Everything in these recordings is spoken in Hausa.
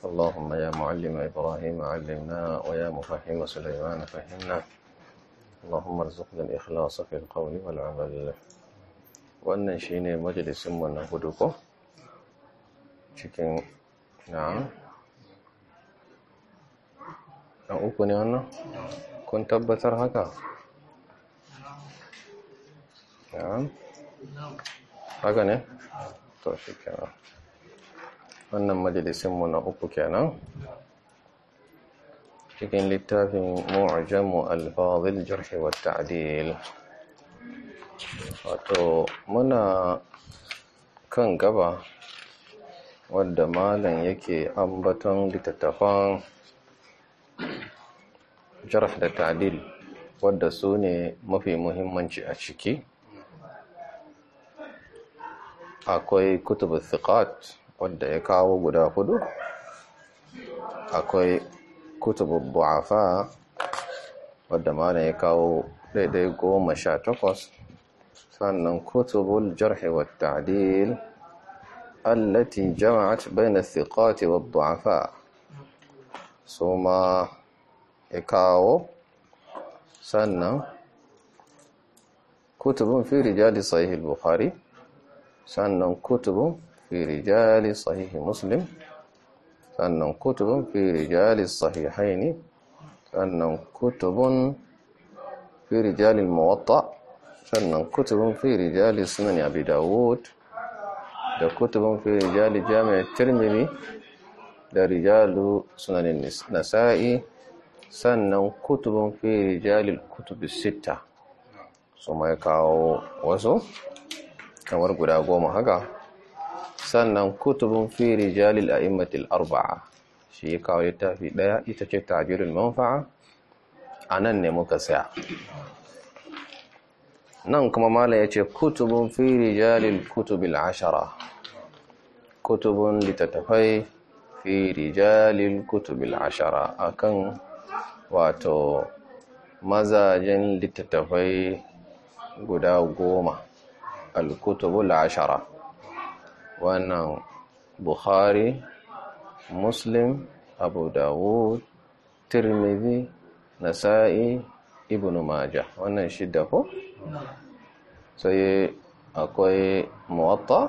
اللهم يا معلم إبراهيم علمنا ويا مفهم سليمان فهمنا اللهم ارزقنا الإخلاص في القول والعمل wannan shine majalisin mu na hudu ko ne wannan kun tabbatar haka wannan majalisinmu na uku kenan cikin littafin mu'ajamu alfazil jirhi wa ta'adil wato muna kan gaba wadda malam yake ambaton littattafan jarh da ta'adil wadda su ne mafi muhimmanci a ciki akwai kutubu thikat wanda ya kawo guda hudu akwai kutubun bu'afa wadda mana ya kawo daidai goma sha takwas sannan kutubun jarhi wa ta'dil allati jama'at bayna thiqati wa du'afa so ma ya kawo sannan kutubun fi rijali sahih al-bukhari sannan kutubun fi rijali sahihi muslim sannan kutubun fi rijali sahihaini sannan kutubun fi rijali muwatta sannan kutubun fi rijali sunan abi dawud da kutubun fi rijali jami'ar tirmidhi da rijalu sunan nasa'i sannan kutubun fi rijalil kutubi sita su mai kawo wasu kamar guda goma haka sannan kutubun fi rijalil a'immatil arba'a shi kawo littafi daya ita ce tajirul manfa'a nan ne muka saya nan kuma mala ya ce kutubun fi rijalil kutubil ashara kutubun littattafai fi rijalil kutubil ashara akan wato mazajen littattafai guda goma al-kutubul ashara wannan bukhari muslim abu dawud tirmidhi nasa'i ibn majah wannan shidda ko sai akwai muwatta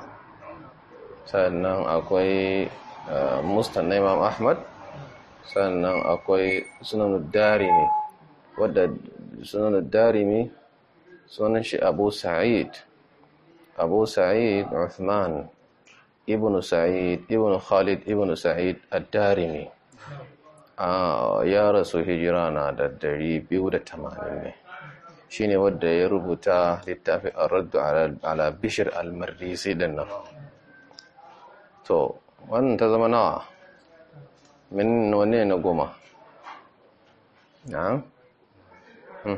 sannan akwai eh, mustan imam ahmad sannan akwai sunan darimi wadda sunan darimi sunan shi abu sa'id abu sa'id uthman ابن سعيد ابن خالد ابن سعيد الدارمي آه، يا رسول هجرانا الدري بيودة تمانيني شيني ودى يربطا للتافي الرد على على بشر المريسي دنا تو وان تزمنا من ونين نقوم نعم هم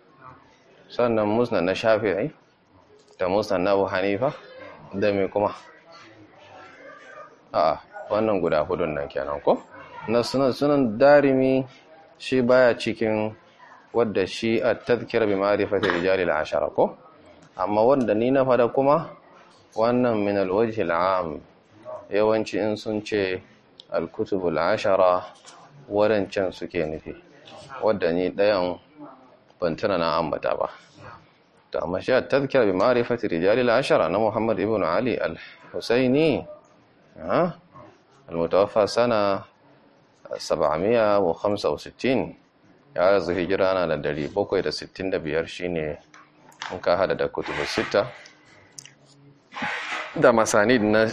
sannan musna na shafi'i da musna na abu hanifa da mai kuma a wannan guda hudun nan kenan ko na sunan sunan darimi shi baya cikin wadda shi a tazkira bi ma'rifati rijali da ashara ko amma wadda ni na fada kuma wannan min al la'am, yawanci in sun ce alkutubu kutub ashara wadancan suke nufi wadda ni dayan ban tuna na ambata ba to amma shi tazkira bi ma'rifati rijalil ashara na Muhammad ibn Ali al-Husaini ha al-mutawaffa sana 765 ya rasu hijira na da 765 shine in ka hada da kutubu sita da masanid na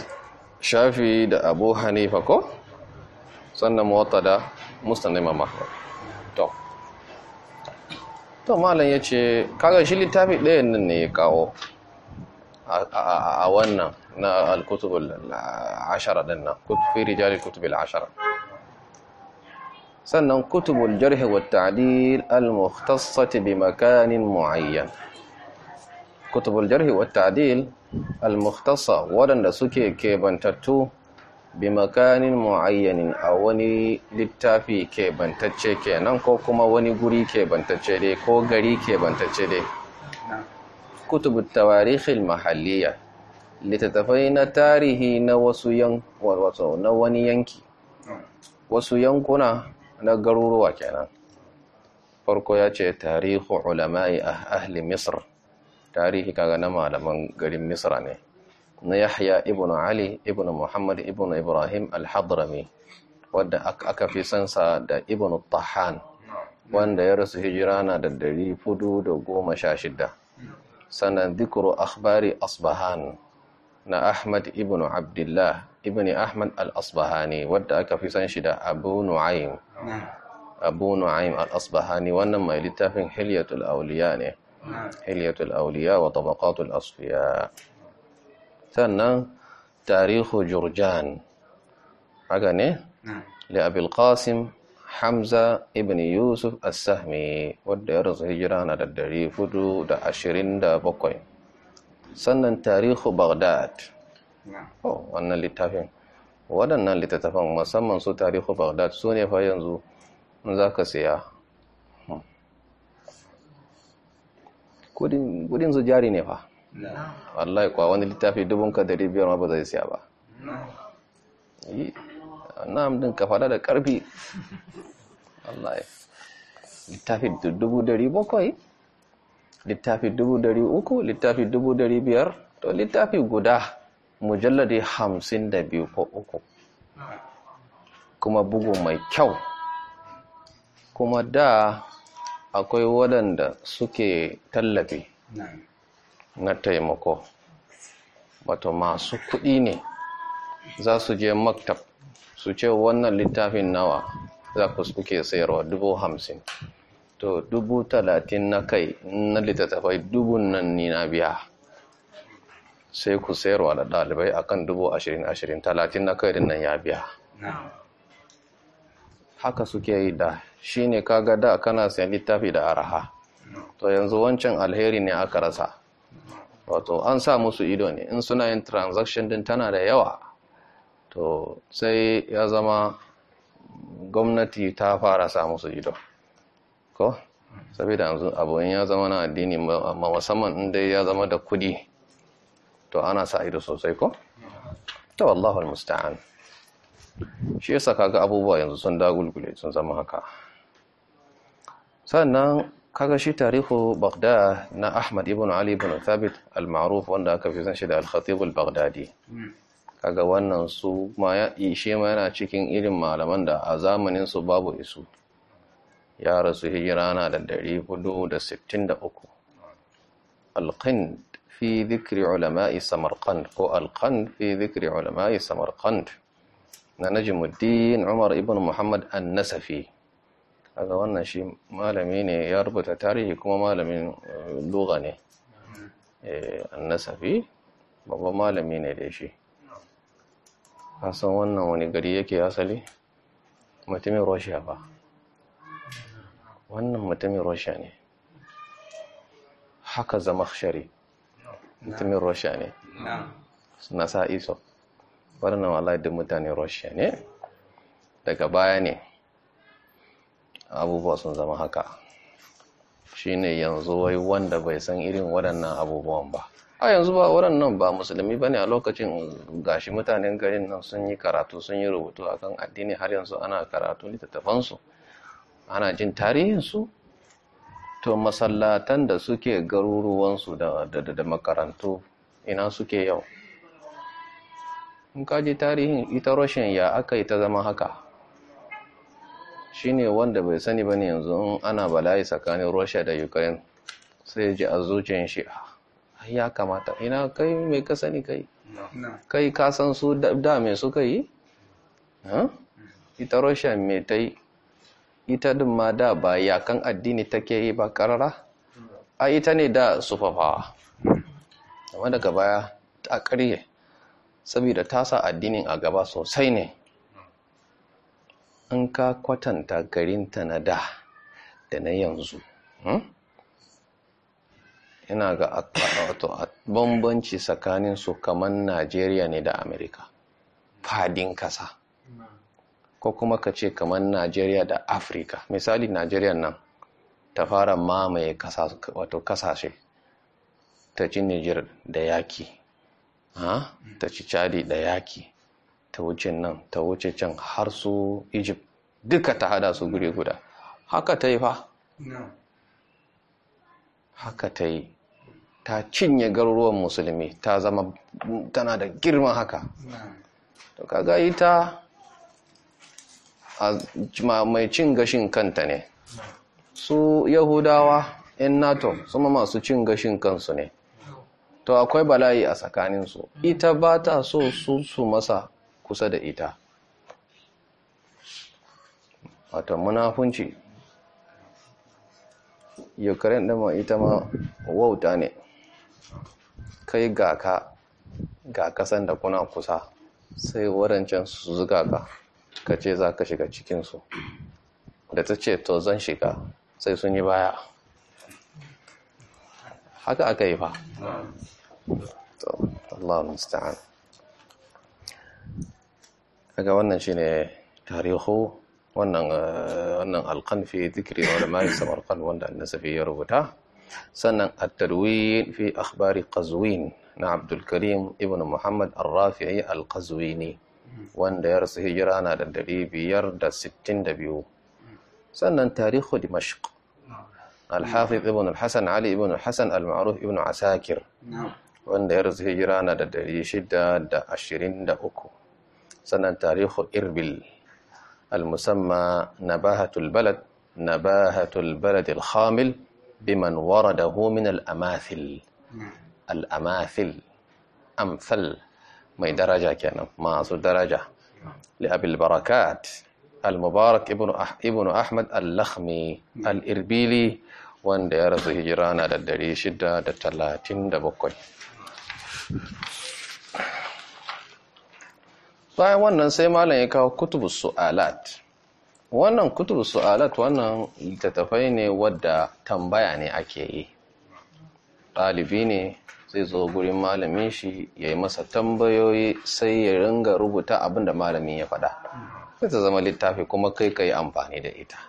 shafi da abu hanifa ko sannan muwatta da musnad imam ahmad to malam ya ce kaga shi littafi ɗayan nan ne ya kawo a wannan na alkutubul ashara ɗin nan fi rijali kutubul ashara sannan kutubul jarhi wata ta'dil al bi makanin muayyan kutubul jarhi wata ta'dil al waɗanda suke kebantattu bi makanin mu'ayyanin a wani littafi ke bantacce kenan ko kuma wani guri ke bantacce dai ko gari ke bantacce dai kutubu tawarihil mahalliya littattafai na tarihi na wasu na wani yanki wasu yankuna na garuruwa kenan farko ya ce tarihu ulama'i a ah-, ahli misr tarihi kaga na malaman garin misra ne na Yahya ibn Ali ibn Muhammad ibn Ibrahim al-Hadrami wadda aka fi sansa da ibn Tahan wanda ya rasu hijira na da shida. sannan dhikru akhbari Asbahan na Ahmad ibn Abdullah ibn Ahmad al-Asbahani wadda aka fi san shi da Abu Nu'aym Abu Nu'aym al-Asbahani wannan mai littafin Hilyatul Awliya ne Hilyatul Awliya wa Tabaqatul Asfiya sannan tarihu jurjan haka ne li abil qasim hamza ibn yusuf as-sahmi wadda ya rasu hijira na da 427 sannan tarihu baghdad oh wannan littafin waɗannan littattafan musamman su tarihu baghdad su ne fa yanzu za ka siya hmm. kudin su jari ne fa wallahi kwa wani littafi dubun ka dari biyar ma ba zai siya ba Na din ka fada da karfi wallahi littafi dubu dari bakwai littafi dubu dari uku littafi dubu dari biyar to littafi guda mujalladi hamsin da biyu ko uku kuma bugu mai kyau kuma da akwai waɗanda suke tallafi na taimako wato masu kuɗi ne za su je maktab su ce wannan littafin nawa za ku suke sayarwa dubu hamsin to dubu talatin na kai na littattafai dubun nan ni na biya sai ku sayarwa da ɗalibai akan dubu ashirin ashirin talatin na kai nan ya biya haka suke yi da shi ne kaga da kana sayan littafi da araha to yanzu wancan alheri ne aka rasa wato an sa musu ido ne in suna yin transaction din tana da yawa to sai ya zama gwamnati ta fara sa musu ido ko saboda yanzu abuwan ya zama na addini amma musamman in dai ya zama da kudi to ana sa ido sosai ko to wallahi musta'an shi yasa ga abubuwa yanzu sun dagulgule sun zama haka sannan kaga shi tarihu bagda na Ahmad ibn Ali ibn Thabit al-Ma'ruf wanda aka fi san shi da al-Khatib al-Baghdadi kaga wannan su ma ya ishe ma yana cikin irin malaman da a zamanin su babu isu ya rasu hijira na da 463 al-Qand fi dhikri ulama'i Samarqand ko al-Qand fi dhikri ulama'i Samarqand na Najmuddin Umar ibn Muhammad an-Nasafi kaga wannan shi malami ne ya rubuta tarihi kuma malamin eh, lugha ne eh, annasafi babban malami ne da shi an wannan wani gari yake asali mutumin russia ba wannan mutumin russia ne haka zama shari mutumin russia ne suna sa iso waɗannan wala'adun mutane russia ne daga baya ne abubuwa sun zama haka Shi ne yanzu wai wanda bai san irin waɗannan abubuwan ba a yanzu ba waɗannan ba musulmi ba ne a lokacin gashi mutanen garin nan sun yi karatu sun yi rubutu A kan addini har yanzu ana karatu littattafansu ana jin tarihinsu to masallatan da suke garuruwansu da makarantu ina suke yau in kaji tarihin ita rashin ya aka yi ta zama haka shine wanda bai sani bane yanzu in ana bala'i tsakanin Russia da Ukraine sai ji a zuciyar shi ah, ya kamata ina kai mai ka sani kai kai ka san su da me suka yi mm. ita Russia me ta yi ita din ma da ba yakan addini take yi ba karara mm. a ita ne da sufafawa amma daga baya ta karye saboda ta sa addinin a gaba sosai ne An ka kwatanta garinta na da da na yanzu yana hmm? ga bambanci tsakanin su kamar najeriya ne da amerika fadin kasa ko kuma ka ce kamar najeriya da afirka misali najeriya nan ta fara mamaye wato kasashe ta ci nijar da yaki ta ci chadi da yaki ta wuce nan ta wuce can har su egypt duka ta hada su guri guda haka ta yi fa haka ta yi ta cinye garuruwan musulmi ta zama tana da girman haka to kaga ita a mai cin gashin kanta ne su yahudawa 'yan nato suma masu cin gashin kansu ne to akwai bala'i a tsakaninsu ita ba ta so su su masa kusa da ita wata munafunci ukraine ma ita ma wauta ne kai ga ka ga kasan da kuna kusa sai warancan su zuga ka ka ce za ka shiga cikinsu da ta ce to zan shiga sai sun yi baya haka aka yi fa Allah musta'an kaga wannan shine tarihu wannan eh, wannan alqan fi dhikri ulama samarqand wanda annasafi ya rubuta sannan at-tadwin fi akhbari qazwin na Abdul Karim ibn Muhammad ar-Rafi'i al-Qazwini wanda ya rasu hijira na da 562 sannan tarihu Dimashq al-Hafiz ibn al-Hasan Ali ibn al-Hasan al-Ma'ruf ibn Asakir wanda ya rasu hijira na da 623 sannan tarihu irbil al-musamma nabahatul balad nabahatul baladil khamil biman waradahu min al-amathil hmm. al-amathil amsal mai daraja kenan masu daraja li abil barakat al-mubarak ibnu ahmad al-lakhmi al-irbili wanda ya rasu hijira na da 637 bayan wannan sai malam ya kawo kutubu su'alat wannan kutubu alat wannan littattafai ne wadda tambaya ne ake yi ɗalibi ne zai zo gurin malamin shi ya yi masa tambayoyi sai ya ringa rubuta abin da malamin ya faɗa sai ta zama littafi kuma kai ka yi amfani da ita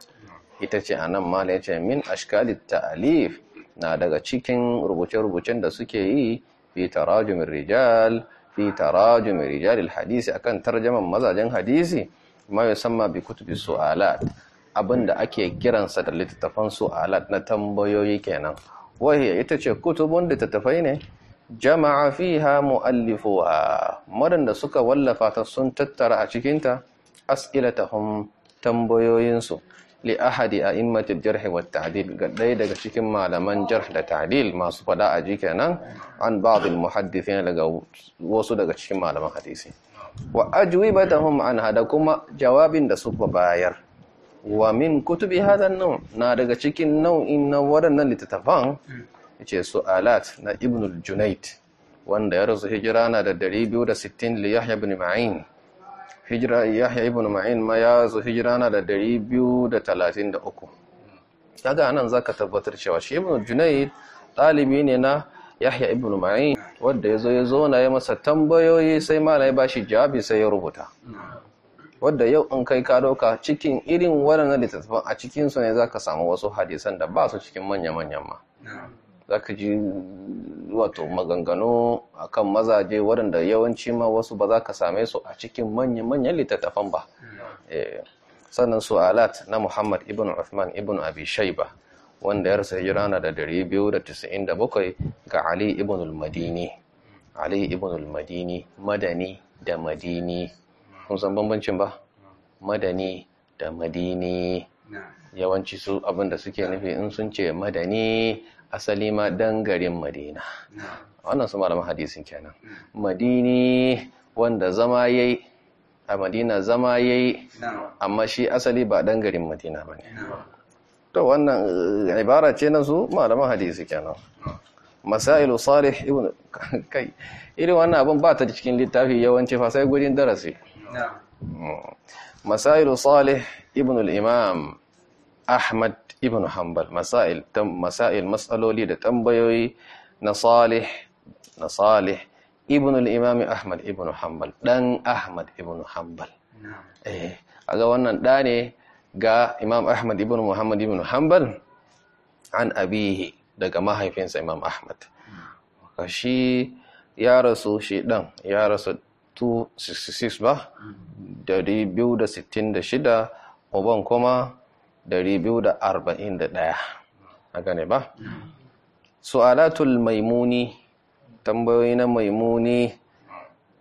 ita ce a nan malam ya ce min ashkali ta'alif na daga cikin rubuce-rubucen da suke yi fi tarajumin rijal fi tarajum rijal hadisi akan tarjaman mazajen hadisi ma yusamma bi kutubi su'alat abinda ake kiransa da littattafan su'alat na tambayoyi kenan wahiya ita ce kutubun littattafai ne jama'a fiha mu'allifuha madanda suka wallafa ta sun tattara a cikinta as'ilatahum tambayoyinsu li ahadi a'immatil jarh wa ta'dil ga ɗaya daga cikin malaman jarh da ta'dil masu fada a ji kenan an ba'd al muhaddithin daga wasu daga cikin malaman hadisi wa ajwibatahum ma'ana da kuma jawabin da suka bayar wa min kutubi hadha an na daga cikin nau'in na waɗannan littattafan su alat na ibnul junait wanda ya rasu hijira na da 260 li yahya ibn ma'in hijira yahya ibn ma'in ma ya zo hijira na da 233 kaga anan zaka tabbatar cewa shi ibn junayd ɗalibi ne na yahya ibn ma'in wanda ya zo ya zo na ya masa tambayoyi sai mala ya shi jawabi sai ya rubuta wadda yau in kai ka dauka cikin irin waɗannan littattafan a cikinsu ne za ka samu wasu hadisan da ba su cikin manya-manyan ma za ka ji wato maganganu a kan mazaje waɗanda yawanci ma wasu ba za ka same su a cikin manya-manyan littattafan ba hmm. eh, sannan su alat na muhammad ibn uthman ibn abi shaiba wanda ya rasa rana da 297 ga ali ibn al-madini ali ibn al-madini madani da madini kun san bambancin ba madani da madini yawanci su abinda suke nufi in sun ce madani asali ma dan garin madina wannan su malaman hadisin kenan mm. madini wanda zama yayi a madina zama yayi amma shi asali ba dan garin madina bane to wannan eh, ibara ce na su malaman hadisi kenan masailu salih ibn kai irin wannan abun ba ta cikin littafi yawanci fa sai gurin darasi mm. masailu salih ibn al-imam ahmad ibn hanbal masail masail masaloli da tambayoyi na salih na salih ibn al-imam ahmad ibn hanbal dan ahmad ibn hanbal eh aga wannan da ne ga imam ahmad ibn muhammad ibn hanbal an abihi daga mahaifinsa imam ahmad shi ya rasu shi dan ya rasu 266 ba 266 mm. uban kuma 241 haka ne ba su'alatul maimuni tambayoyi na maimuni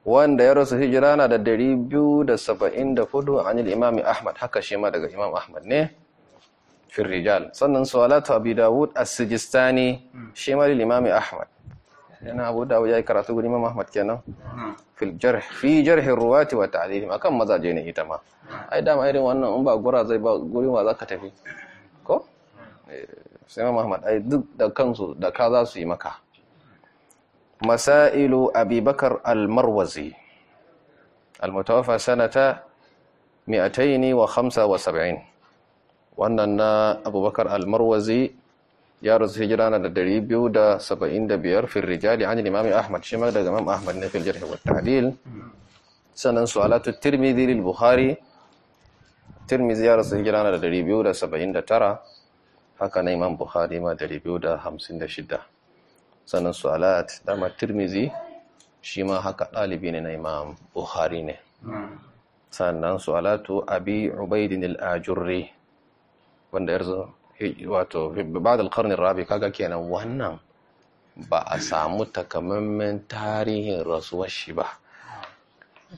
wanda ya rasu hijira na da 274 anil imami ahmad haka shi ma daga imam ahmad ne firrijal sannan su'alatul abi dawud a sijistani shi ma lil imami ahmad yana abu da ya karatu guri imam ahmad kenan hmm. fil jarh fi jarhi ruwati wa ta'dilihim akan mazaje ne ita ma hmm. ai dama irin wannan in ba gura zai ba gurin wa zaka tafi ko hmm. eh, sai imam ahmad ai duk da kansu da ka za su yi maka masailu Bakar al-marwazi al-mutawaffa sanata 275 wannan na abubakar al-marwazi ya rasu hijira na da dari biyu da saba'in da biyar fil rijali an imami ahmad shi ma daga imam ahmad na filjar jarhi wa ta'dil su alatu tirmidhi lil bukhari tirmidhi ya rasu hijira na da dari biyu da saba'in da tara haka na imam bukhari ma dari biyu da hamsin da shida sannan su'alat dama tirmidhi shi ma haka ɗalibi ne na imam buhari ne sannan alatu abi ubaidin al-ajurri wanda yarzo Eh, wato ba'da alkarni rabi kaga kenan wannan ba a samu takamaiman tarihin rasuwar shi ba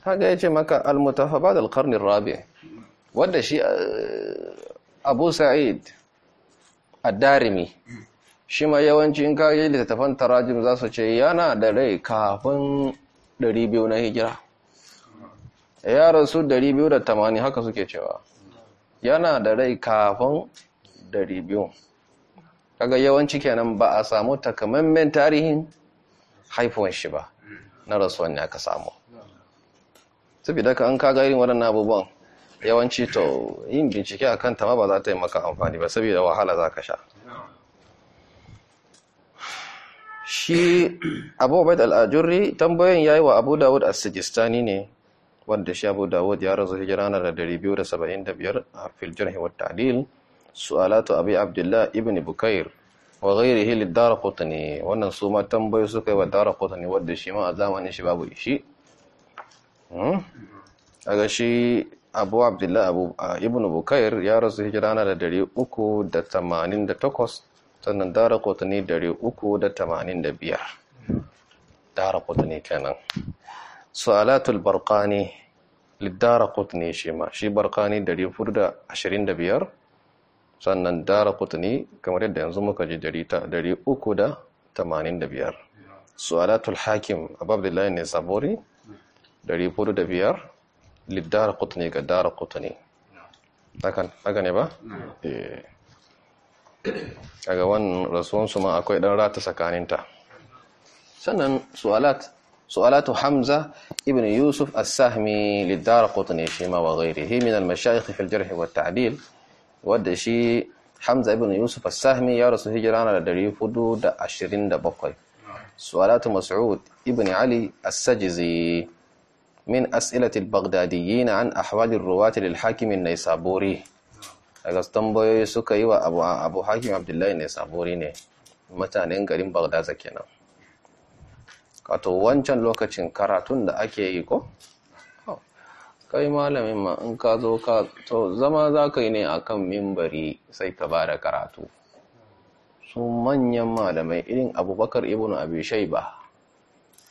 kaga ce maka almutafa ba'da alkarni rabi wanda shi eh, Abu Sa'id ad-Darimi shi ma yawanci in kaga littafan tarajim za su ce yana da rai kafin 200 na hijira ya rasu 280 haka suke cewa yana da rai kafin Dari biyu kaga yawanci kenan ba a samu takamaiman tarihin haifuwan shi ba na rasuwan ya ka samu saboda ka an kaga irin waɗannan abubuwan yawanci to yin bincike a ta ma ba za ta yi maka amfani ba saboda wahala za ka sha shi abu obaid al'ajurri tambayin ya yi wa abu dawud a sijistani ne wanda shi abu dawud ya razu hijira na da 275 a filjar wa ta'adil su'alatu abi abdullah ibn bukair wa ghayrihi lidarqutni wannan su ma tambayo suka yi wa darqutni wanda shi ma a zamanin shi babu shi hmm aga shi abu abdullah abu ibn bukair ya rasu hijira na da 388 sannan darqutni 385 darqutni kenan su'alatul barqani lidarqutni shi ma shi barqani 425 sannan dara kutuni kamar yadda yanzu muka ji 385 su'alatul hakim abdullahi ne sabori 405 lidara kutani ga dara kutani haka ne ba? Eh. kaga wannan rasuwansu ma akwai ɗan rata tsakaninta sannan su'alat su'alatu hamza ibn yusuf as-sahmi lidara kutuni shi ma wa gairi himinal mashayikh fil jarh wa ta'dil wadda shi Hamza ibn Yusuf sahmi ya rasu hijira na 427 Su'alatu Mas'ud ibn Ali As-Sajizi min as'ilati al-Baghdadiyyin an ahwali ar-ruwat lil-Hakim an-Naysaburi daga tambayoyi suka yi wa Abu Hakim Abdullahi Naysaburi ne mutanen garin Baghdad kenan kato wancan lokacin karatun da ake yi ko kai malamin ma in ka zo ka to zama za ka yi ne a kan mimbari sai ka ba da karatu su manyan malamai irin abubakar ibn Abishai ba,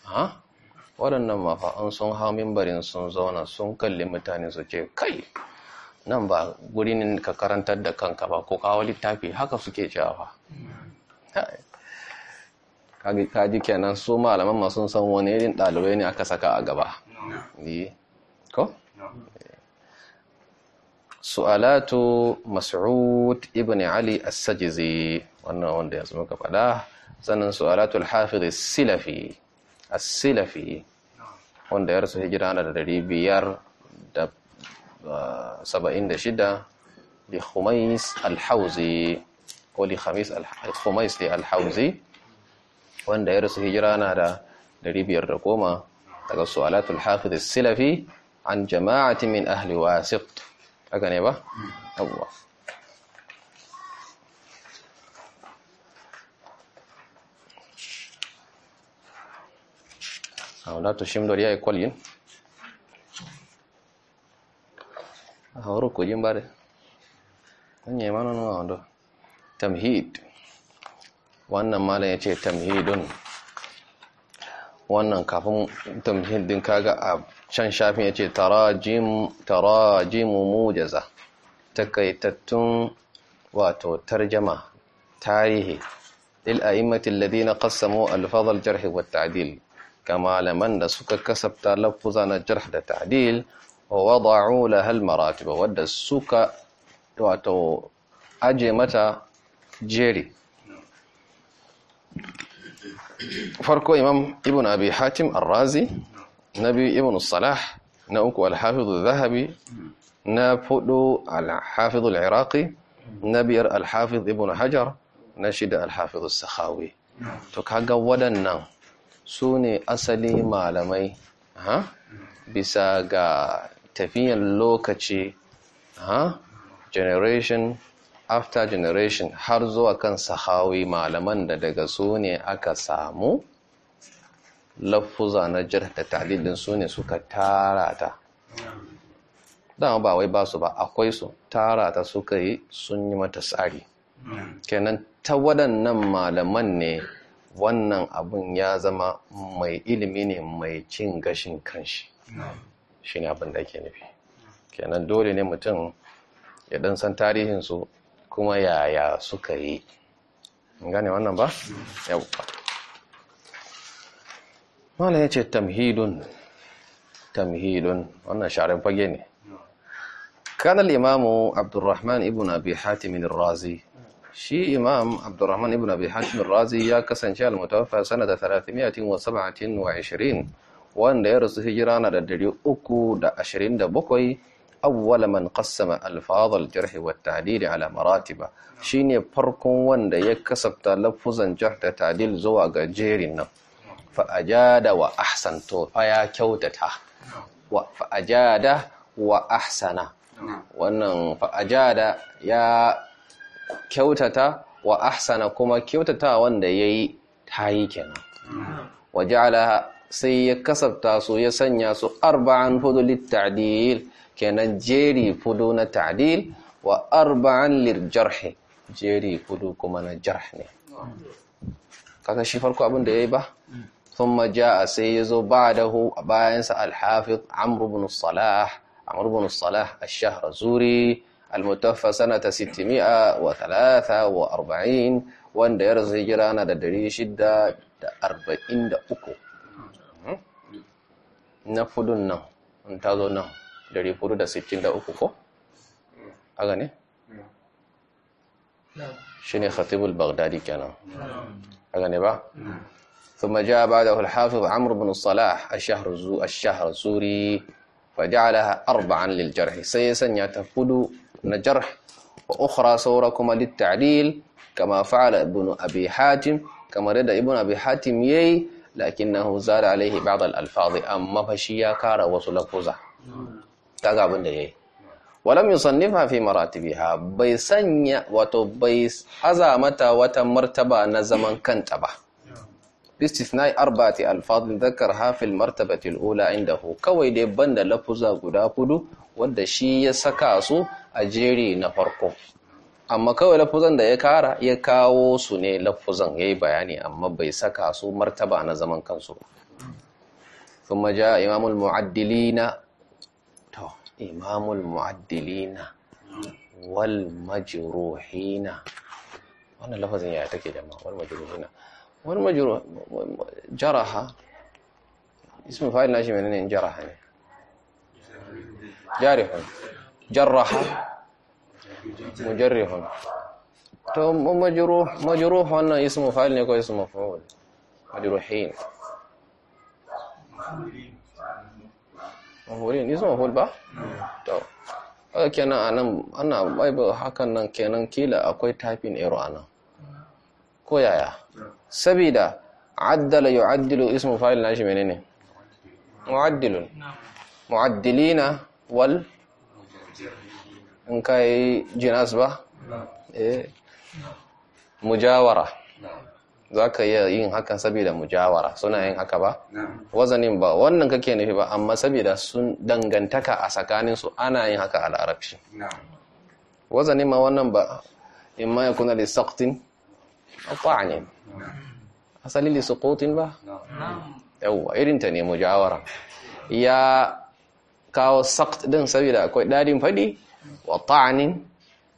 ha waɗannan mafa an sun hau mimbarin sun zauna sun kalli mutane su ce kai nan ba gurin ka karantar da kanka ba ko kawo littafi haka suke cewa ji kenan su malaman masu san wani irin ɗalibai ne aka saka a gaba su'alatu mas'ud ibn ali as-sajizi wannan wanda yanzu muka faɗa sannan su'alatu al-hafiz as-silafi as-silafi wanda ya rasu hijira na da dari biyar da saba'in da shida li khumais al hawzi ko li khumais li al hawzi wanda ya rasu hijira na da dari biyar da goma daga su'alatul hafiz silafi an jama'ati min ahli wasiq haka ne ba abuwa a wadda ta yawwa هؤلاء تشم دوريا يقولين هورو كوجين بار ني ما نو wadda tamhid wannan ya ce tamhidun wannan kafin tamhid kaga a shan shafin ya ce tarajimu mujaza takaitattun wato tarjama tarihi lil'a'immatin ladina qassamu alfazal jarhi wa ta'dil ga malaman da suka kasabta lafuza na jarh da ta'dil wa wada'u lahal almaratib wadda suka wato aje mata jeri farko imam ibn abi hatim ar-razi na biyu ibn salah na uku alhafizu zahabi na fudu alhafizu al'iraki na biyar alhafiz ibn hajar na shida alhafizu sahawi to kaga waɗannan su ne asali malamai bisa ga tafiyan lokaci generation after generation har zuwa kan sahawi malaman da daga su ne aka samu laffuza na jar da talilin su ne suka tara ta dama ba wai ba su ba akwai su tara ta suka yi sun yi mata tsari kenan ta waɗannan malaman ne wannan abun ya zama mai ilimi ne mai cin gashin kanshi shi ne abin da ke nufi kenan dole ne mutum ya ɗan san tarihinsu kuma yaya suka yi gane wannan ba? yau mala ya ce tamhidun tamhidun wannan sharin fage ne kanar imamu abdurrahman ibn abi hatimin razi shi imam abdurrahman ibn abi hatimin razi ya kasance almutawafa sanata 327 wanda ya rasu hijira na da 327 awwala man qassama alfaz al-jarh wa at-ta'dil ala maratiba shine farkon wanda ya kasafta lafuzan jarh da ta'dil zuwa ga jerin nan fa'ajada wa ahsanto fa ya kyautata wa fa'ajada wa ahsana wannan fa'ajada ya kyautata wa ahsana kuma kyautata wanda yayi yi kenan waja'ala sai ya kasafta su ya sanya su arba'an hudu litta'dil kenan jeri fudu na ta'dil wa arba'an lirjarhi jeri fudu kuma na jarh ne kaga shi farko abin da yi ba ثم جاء سيزو بعده أباينس الحافظ عمرو بن الصلاح عمرو بن الصلاح الشهر زوري المتوفى سنة 643 وان ديرز هجرانا دادري شدة دا أربعين دا أكو نفدنا انتظرنا دادري فرو دا ستين دا أكو فو أغاني نعم. شني خطيب البغدادي كان نعم. أغاني با نعم. ثم جاء بعده الحافظ عمرو بن الصلاح الشهر الشهر الزوري فجعلها أربعا للجرح سيسا تفد نجرح وأخرى صوركما للتعديل كما فعل ابن أبي حاتم كما رد ابن أبي حاتم يي لكنه زاد عليه بعض الألفاظ أما فشيا كار وسلفوزة تقابل يي ولم يصنفها في مراتبها بيسن وتبيس أزامة وتمرتبة نزمن كنتبه باستثناء أربعة ألفاظ ذكرها في المرتبة الأولى عنده كوي دي بند لفظة قدا قدو ودى شي يسكاسو أجيري نفرقو amma kawai lafuzan da ya kara ya kawo su ne lafuzan ya yi bayani amma bai saka su martaba na zaman kansu kuma ja wannan lafazin ya take jama'a wal majruhina wani jaraha ismi fa'il nashi menene jaraha ne jarihun jarraha mujarrihun to majruh majruh wannan ismi fa'il ne ko ismi ne. majruhin majruhin ismi maf'ul ba to Okay, kenan a anan ana bible hakan nan kenan kila akwai typing error anan ko yaya sabida addala yu'addilu ismu fa'il nashi menene mu'addilun mu'addilina wal in ka yi jinas ba eh mujawara ka iya yin hakan sabida mujawara suna yin haka ba wazanin ba wannan kake nufi ba amma sabida sun dangantaka a tsakanin su ana yin haka a wazanin ma wannan ba in ya kuna da saktin a ta'anin asali li suqutin ba yawwa irin ta ne mujawara ya kawo sakt din sabida akwai dadin fadi wa ta'anin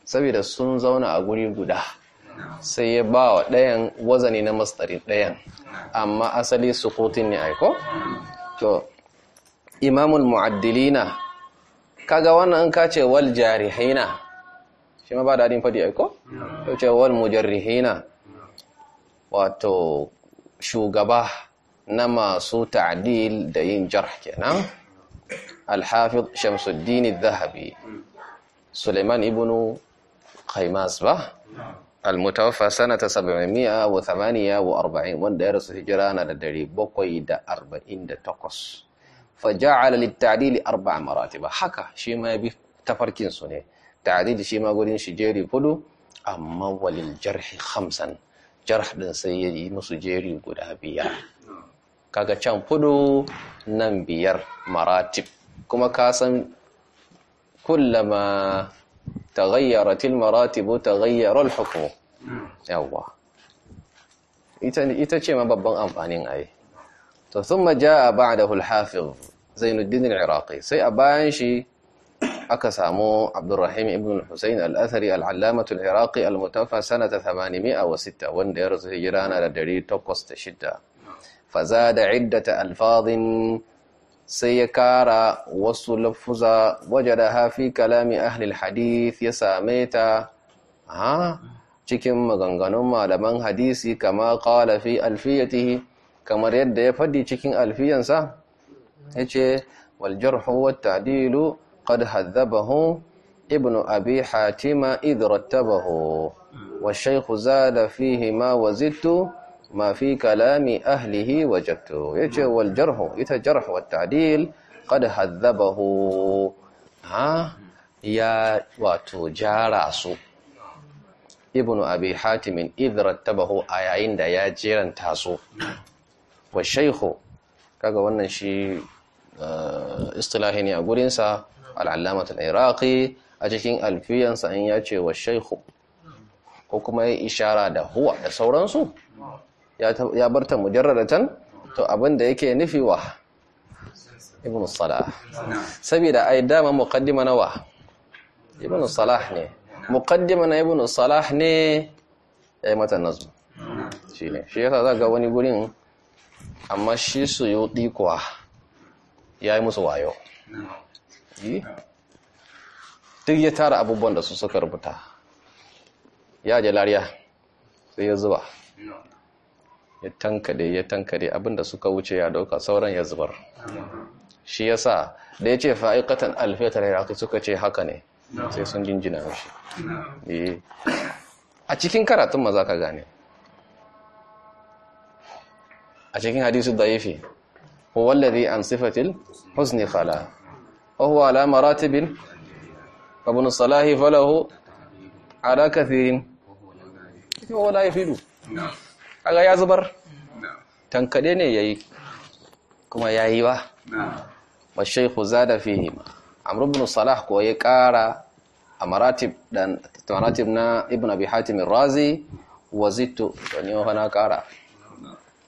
sabida sun zauna a guri guda sai ya ba wa ɗayan wazani na mastari ɗayan amma asali suqutin ne aiko to imamul mu'addilina kaga wannan an ka ce wal jarihina shi ma ba daɗin fadi aiko to ce wal mujarrihina wato shugaba na masu ta'dil da yin jarh kenan alhafiz hafiz Shamsuddin al-Dhahabi Sulaiman ibn Qaimas ba al-mutawaffa sanata 748 wanda ya rasu hijira na da 748 faja'ala lit-ta'dil arba'a maratib haka shi ma bi tafarkin su ne ta'dil shi ma gurin shi jeri fudu amma walil jarh khamsan jarh din sai ya yi musu jeri guda biyar kaga can fudu nan biyar maratib kuma ka san kullama تغيرت المراتب تغير الحكم yawa ita ce ma babban amfanin ayi to thumma jaa ba'dahu al-hafiz Zainuddin al-Iraqi sai a bayan shi aka samu abdurrahim ibn husayn al-athari al al-iraqi al-mutafa sanata 806 wanda ya rasu hijira na da Faza da iddata alfadhin sai ya kara wasu lafuza waje da hafi kalami ahlil al-hadith ya same ta cikin maganganun malaman hadisi kama qala fi alfiyatihi kamar yadda ya faɗi cikin alfiyansa yace wal jarhu wat ta'dilu قد هذبه ابن أبي حاتم إذ رتبه والشيخ زاد فيه ما وزدت ما في كلام أهله وجدت يجي والجرح يتجرح والتعديل قد هذبه ها يا واتو جارسو ابن أبي حاتم إذ رتبه آيين دا يا جيران تاسو والشيخ kaga wannan shi istilahi ne a gurinsa al'allamatul iraki a cikin alfiyansa in ya ce wa shaihu ko kuma ya ishara da huwa da sauransu ya barta mujarradatan to abinda yake nufi wa ibn salah saboda yi dama muqaddima na wa ibn salah ne muqaddima na ibn salah ne ya yi mata shi ne shi yasa wani gurin amma shi su yi kuwa ya yi musu wayo Eh? duk ya tara abubuwan da su suka rubuta ya je lariya sai ya zuba ya tankade ya tankade abinda suka wuce ya dauka sauran ya zubar shi ya sa da ya ce fa’aikatan alfetar iraki suka ce haka ne sai sun jinjina shi eh. a cikin karatun maza ka gane a cikin hadisu da yafi wallazi an sifatil husni khala وهو على مراتب فابن الصلاح فله على كثير وهو لا يفيد aga ya zubar tankade ne yayi kuma yayi ba wa shaykhu zada fihi amr ibn salah ko ya kara a maratib dan maratib na ibn abi hatim razi wa zittu wani wana kara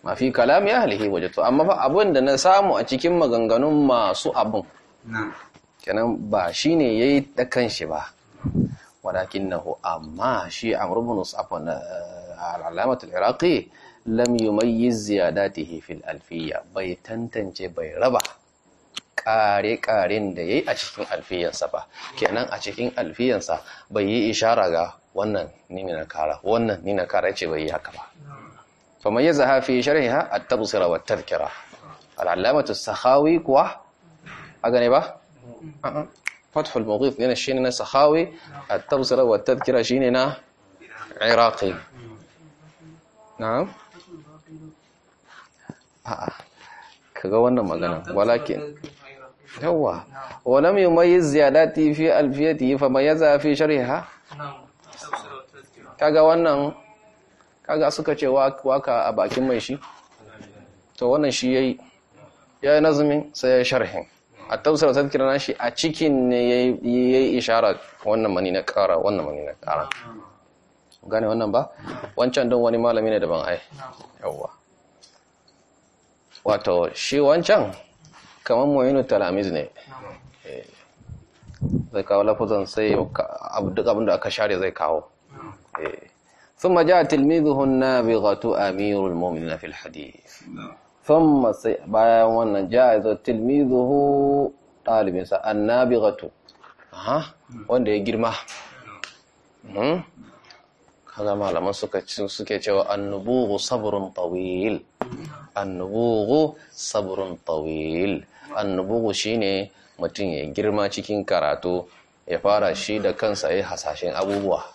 ma fi kalami ahlihi wajatu amma fa abun da na samu a cikin maganganun masu abun kenan ba shi ne ya yi da kanshi ba wadakin na amma shi amurbinus afon eh, al'alamatul iraqi lam yi mai ziyadatihi fil alfiya bai tantance bai raba kare-karen da ya yi a cikin alfiyansa ba kenan a cikin alfiyansa bai yi ishara ga wannan nina na kara wannan ni kara ce bai yi haka ba fa mai yazaha fi sharhiha a tabsira wat-tadhkira al kuwa haka ne ba fathul mughith yana shine na sahawi at-tabsira wa at-tadhkira shine na iraqi a'a kaga wannan magana walakin yawa wa lam yumayyiz ziyadati fi alfiyati fa mayyaza fi sharhiha kaga wannan kaga suka ce waka a bakin mai shi to wannan shi yayi ya nazumin sai ya sharhin a tausar tazkira nashi a cikin ne ya yi ishara wannan mani na ƙara wannan mani na ƙara gane wannan ba wancan don wani malami ne daban ai yawwa wato shi wancan kamar mu'minu talamiz ne eh. zai kawo lafazan sai duk abinda aka share zai kawo ثم جاء تلميذه النابغة أمير المؤمنين في الحديث thumma sai bayan wannan ja'a zo tilmizuhu ɗalibinsa annabigatu aha wanda ya girma hmm? kaga malaman suka suke cewa annubughu sabrun tawil annubughu sabrun tawil annubughu shine mutum ya girma cikin karatu ya fara shi da kansa ya hasashen abubuwa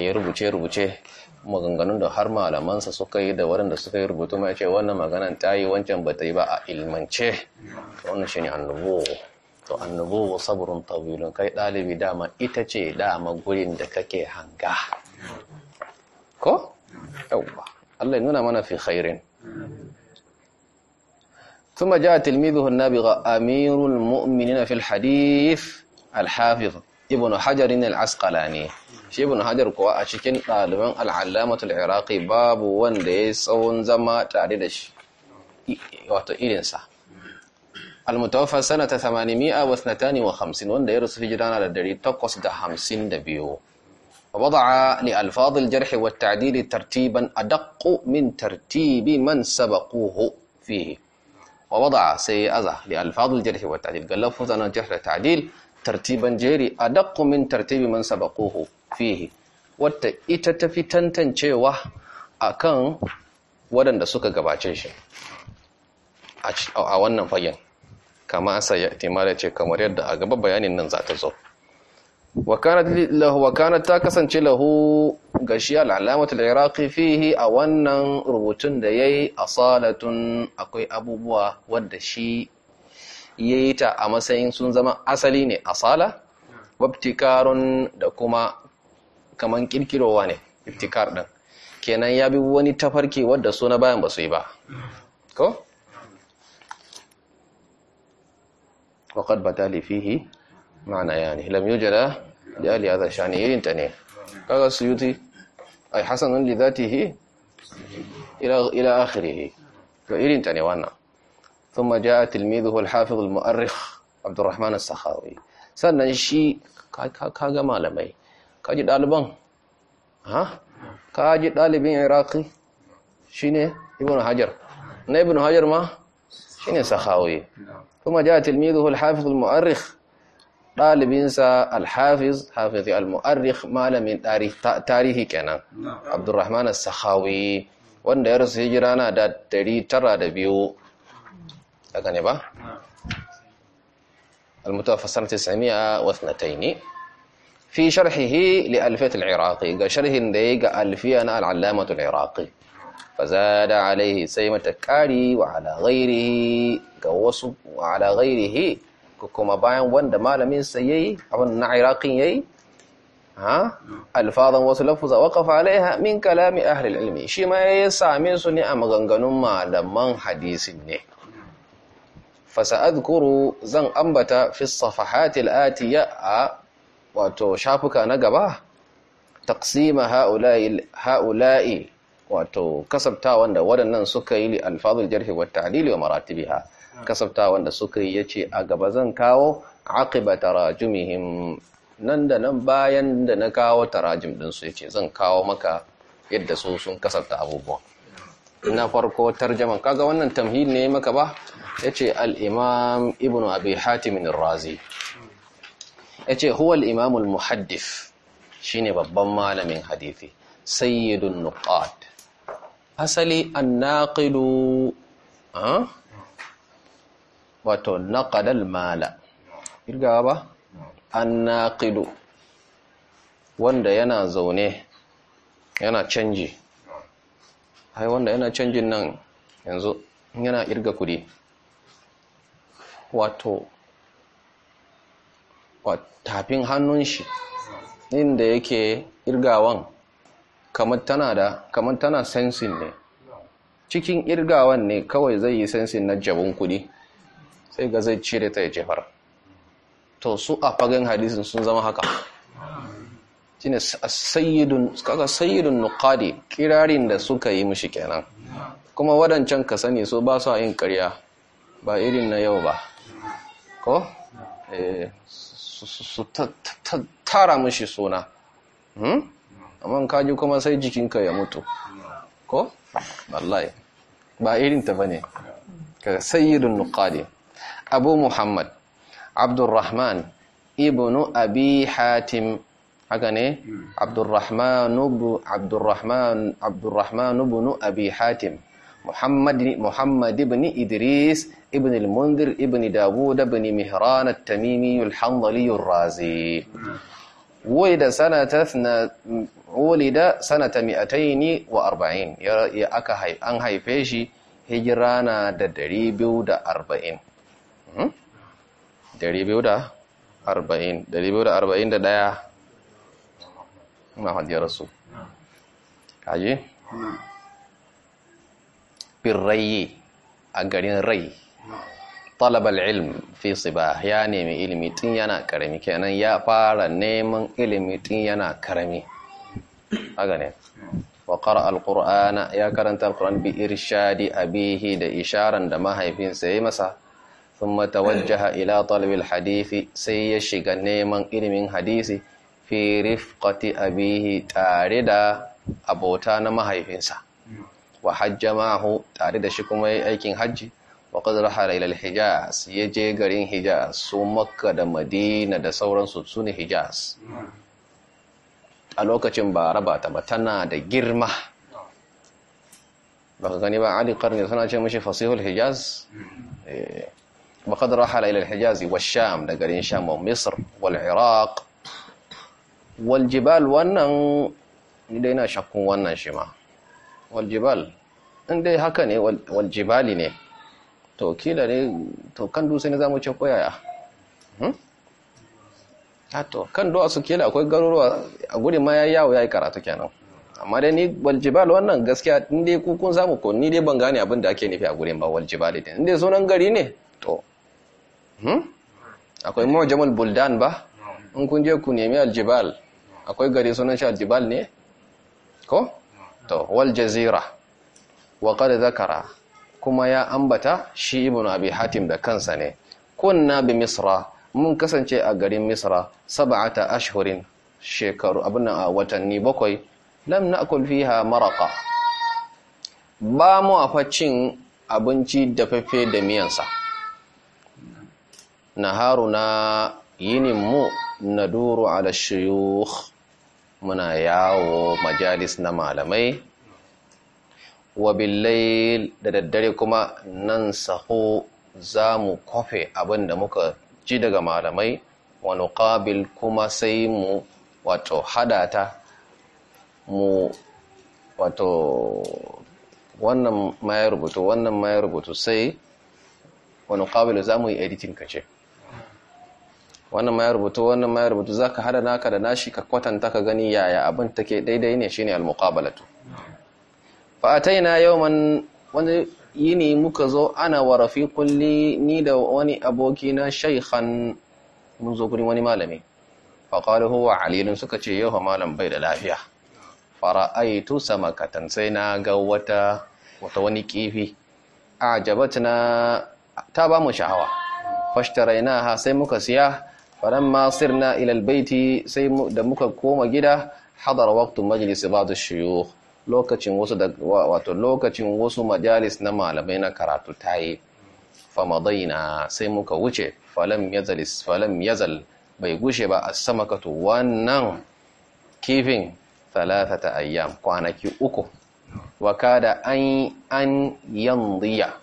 ya rubuce rubuce maganganun da har malamansa suka yi da waɗanda suka yi rubutu mai ce wannan maganan ta yi wancan ba ta yi ba a ilmance to wannan shi ne annubu to annubu wa saburin tawilun kai ɗalibi dama ita ce dama gurin da kake hanga ko? yauwa nuna mana fi khairin ثم جاء تلميذه النابغة أمير المؤمنين في الحديث الحافظ ابن حجر العسقلاني shi ibn hajar kuwa a cikin ɗaliban al'allamatul iraqi babu wanda ya tsawon zama tare da shi wato irinsa almutawaffa sanata 852 wanda ya rusu hijirana da 852 ووضع لألفاظ الجرح والتعديل ترتيبا أدق من ترتيب من سبقوه فيه ووضع سيئذة لألفاظ الجرح والتعديل قال لفظنا الجرح والتعديل ترتيبا جيري أدق من ترتيب من سبقوه fihi wata ita ta fi tantancewa a kan waɗanda suka gabace shi a wannan fagen kama asa ya timar ce kamar yadda a gaba bayanin nan za ta zo wakana ta kasance lahu ga shi al'alamatul iraqi fihi a wannan rubutun da ya yi a tun akwai abubuwa wadda shi ya yi ta a matsayin sun zama asali ne a Sala. wabtikarun da kuma kaman kirkirowa ne iftikar din kenan ya bi wani tafarki wadda su na bayan ba su yi ba ko وقد بدا لي فيه معنى يعني لم يوجد لآل هذا الشأن ينتني قال السيوطي أي حسن لذاته إلى إلى آخره ينتني وانا ثم جاء تلميذه الحافظ المؤرخ عبد الرحمن السخاوي sannan shi kaga malamai kaji ɗaliban ha kaji ɗalibin iraki shine ibn hajar na ibn hajar ma shine sahawi kuma ja tilmizuhu al-hafiz al-mu'arrikh ɗalibinsa al-hafiz hafiz al-mu'arrikh malamin tarihi kenan abdurrahman as-sahawi wanda ya rasu hijira na da 902 haka ne ba al-mutawaffal 902 في شرحه لألفية العراقي قال شرح ديق ألفية العلامة العراقي فزاد عليه سيمة كاري وعلى غيره قوس وعلى غيره كما باين وان دمال من سيئي أو العراقي ها الفاظا وسلفظا وقف عليها من كلام أهل العلم شي ما يسامي سني أم غنغنون ما لمن حديث فسأذكر زن أنبت في الصفحات الآتية wato shafuka na gaba Taksima haula'i wato kasabta wanda waɗannan suka yi alfazul jarhi wa ta'dil wa maratibiha kasabta wanda suka yi yace a gaba zan kawo aqiba tarajumihim nan da nan bayan da na kawo tarajim din su yace zan kawo maka yadda su sun kasabta abubuwa na farko tarjaman kaga wannan tamhid ne maka ba yace al-imam ibnu abi hatim ar-razi ya ce huwal imamul muhaddif shine babban malamin hadithi sayyidun nuqad asali annaqilu wato naqadal mala kirgawa ba annaqilu wanda yana zaune yana canji hai wanda yana canjin nan yanzu yana irga kudi wato tafin hannun shi inda yake irgawan kamar tana da kamar tana sensin ne cikin irgawan ne kawai zai yi sensin na jabin kudi sai ga zai cire ta ya jefar to su a fagen hadisin sun zama haka shine sayyidun kaga sayyidun nuqadi kirarin da suka yi mishi kenan kuma wadancan ka sani so ba su yin karya ba irin na yau ba ko eh. su tara mashi suna hmm? amma kaji kuma sai jikinka ya mutu ko? wallahi ba irinta ba ne ka sayyirin nukali abu muhammad abdurrahman ibnu abi hatim haka ne hmm. abdurrahman ibnu abi hatim Muhammad Muhammad Idris ibn al-Mundhir ibn Dawud ibn Mihran at-Tamimi al-Hanbali ar-Razi wulida sanata wulida sanata ya aka hay an haife shi hijira na da 240 hmm 240 241 ma hadiyar su kaje hmm firrayi a garin rai talabal ilm fi ya nemi ilmi tun yana karami kenan ya fara neman ilmi tun yana karami haka wa ya karanta alqur'an bi irshadi abihi da isharan da mahaifinsa ya masa sun mata wajaha ila talibin hadisi sai ya shiga neman ilimin hadisi fi a abihi tare da abota na mahaifinsa wa hajja ma'ahu tare da shi kuma yi aikin hajji wa qadra ila al-hijaz ya je garin hijaz su makka da madina da sauransu su ne hijaz a lokacin ba raba ta ba tana da girma ba ka gani ba ali karni suna ce mashi fasihul hijaz ba eh. qadra hala ila hijaz wa sham da garin sham wa misr wal iraq wal jibal wannan ni dai na shakkun wannan shi ma waljibal in dai haka ne waljibali ne to kila ne to kan dutse ne za mu ce koyaya hmm? ah, to kan duwatsu kila akwai garuruwa a gudun ma ya yi yawo ya yi karatu kenan amma dai ni waljibal wannan gaskiya in dai kukun samu ko ni dai ban gane abin da ake nufi a gudun ba waljibali ne, in dai sunan gari ne to hmm? akwai jamal buldan ba in kun je ku nemi aljibal akwai gari sunan shi aljibal ne ko to wal jazira wa qad zakara kuma ya ambata shi ibnu abi hatim da kansa ne kunna bi misra mun kasance a garin misra sab'ata ashhurin shekaru abin a watanni bakwai lam na'kul fiha maraqa ba mu afacin abinci abinci dafaffe da miyansa naharuna yinin mu naduru ala shuyukh muna yawo majalis na malamai wa da daddare kuma nan saho za mu kwafe abin da muka ji daga malamai wani ƙabil kuma sai mu wato hadata mu wato wannan mayar rubutu wannan mayar rubutu sai wani ƙabil za mu yi editin kace wannan ma ya rubutu wannan ma ya rubutu za ka hada naka da nashi ka kwatanta ka gani yaya abin take daidai ne shine al-muqabalatu fa ataina yawman wani yini muka zo ana wa rafiqun li ni da wani aboki na shaykhan mun zo gurin wani malami fa qala huwa alilun suka ce yau malam bai da lafiya fara'aitu samakatan sai na ga wata wata wani kifi ajabatna ta ba mu sha'awa ha sai muka siya falamma sirna na albayti sai da muka koma gida hadara waqtu majlis ba ash-shuyukh lokacin wasu da wato lokacin wasu majalis na malamai na karatu tayi famadaina sai muka wuce falam yazal falam yazal bai gushe ba sama samakatu wannan kifin ta ayyam kwanaki uku wa kada an an yandiya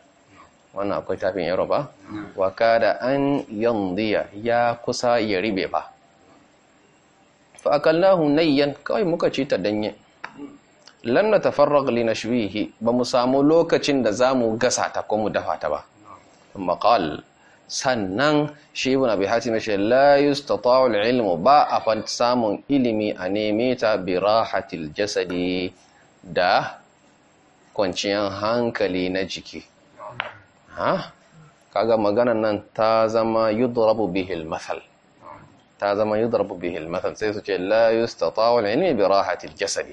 wannan akwai tafin yaroba wa da an yandiya ya kusa ya ribe ba fa akallahu nayyan kawai muka ci ta danye lan natafarraq li nashwihi ba mu samu lokacin da zamu gasa ta ko mu dafa ta ba amma qal sannan shi ibn abi hatim shi la yustata'u al ba a samun ilimi a neme ta bi rahatil jasadi da kwanciyar hankali na jiki ha kaga maganan nan ta zama yudrabu bihil masal ta zama yudrabu bihil masal sai su ce la yustata'u al-ilmi bi rahati al-jasad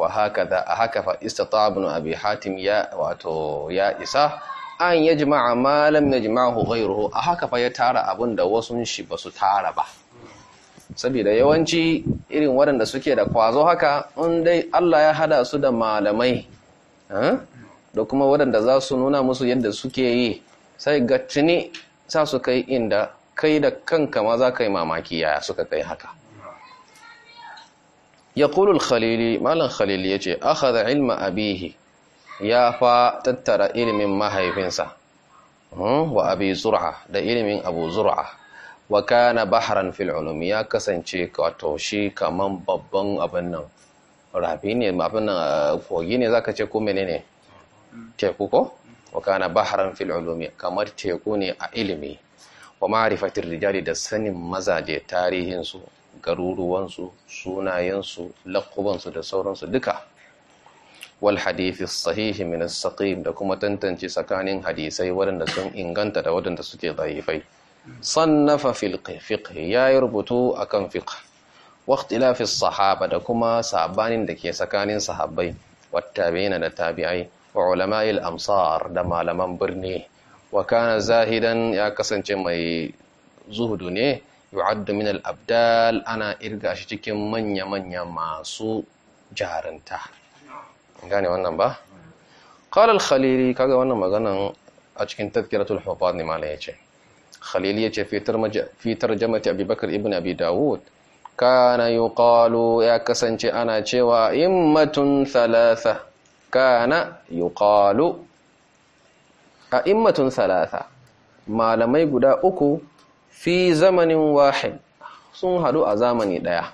wa hakada haka fa istata'a ibn abi hatim ya wato ya isa an yajma'a ma lam yajma'hu ghayruhu a haka fa ya tara abinda wasu shi basu tara ba saboda yawanci irin waɗanda suke da kwazo haka in dai Allah ya hada su da malamai eh, da kuma waɗanda za su nuna musu yadda suke yi sai ga tuni sa su kai inda kai da kanka ma za ka yi mamaki yaya suka kai haka ya kulul khalili malam khalili ya ce aka da ilma abihi ya fa tattara ilimin mahaifinsa hmm, wa abi zura da ilimin abu zura wa kana baharan fil ya kasance wato shi kaman babban abin nan rafi ne mafi nan kogi ne zaka ce ko menene ne teku ko wa kana baharan fil ulumi kamar teku ne a ilimi wa ma'rifatir rijali da sanin mazaje tarihin su garuruwan su sunayen da sauransu duka wal hadithi sahihi min as-saqim da kuma tantance tsakanin hadisai waɗanda sun inganta da waɗanda suke dhaifai sannafa fil fiqh ya rubutu akan fiqh wa ikhtilafi sahaba da kuma sabanin da ke tsakanin sahabbai wa tabi'ina da tabi'ai wa ulama'il amsar da malaman birni wa kana zahidan ya kasance mai zuhudu ne yu'addu min abdal ana irga shi cikin manya-manya masu jarinta gane wannan ba qala al-khalili kaga wannan maganan a cikin tadhkiratul hufaz ne malai yace khalili yace fi tarjama fi tarjamati abubakar ibn abi dawud kana yuqalu ya kasance ana cewa immatun thalatha kana A a'immatun salasa malamai guda uku fi zamanin wahid sun hadu a zamani ɗaya,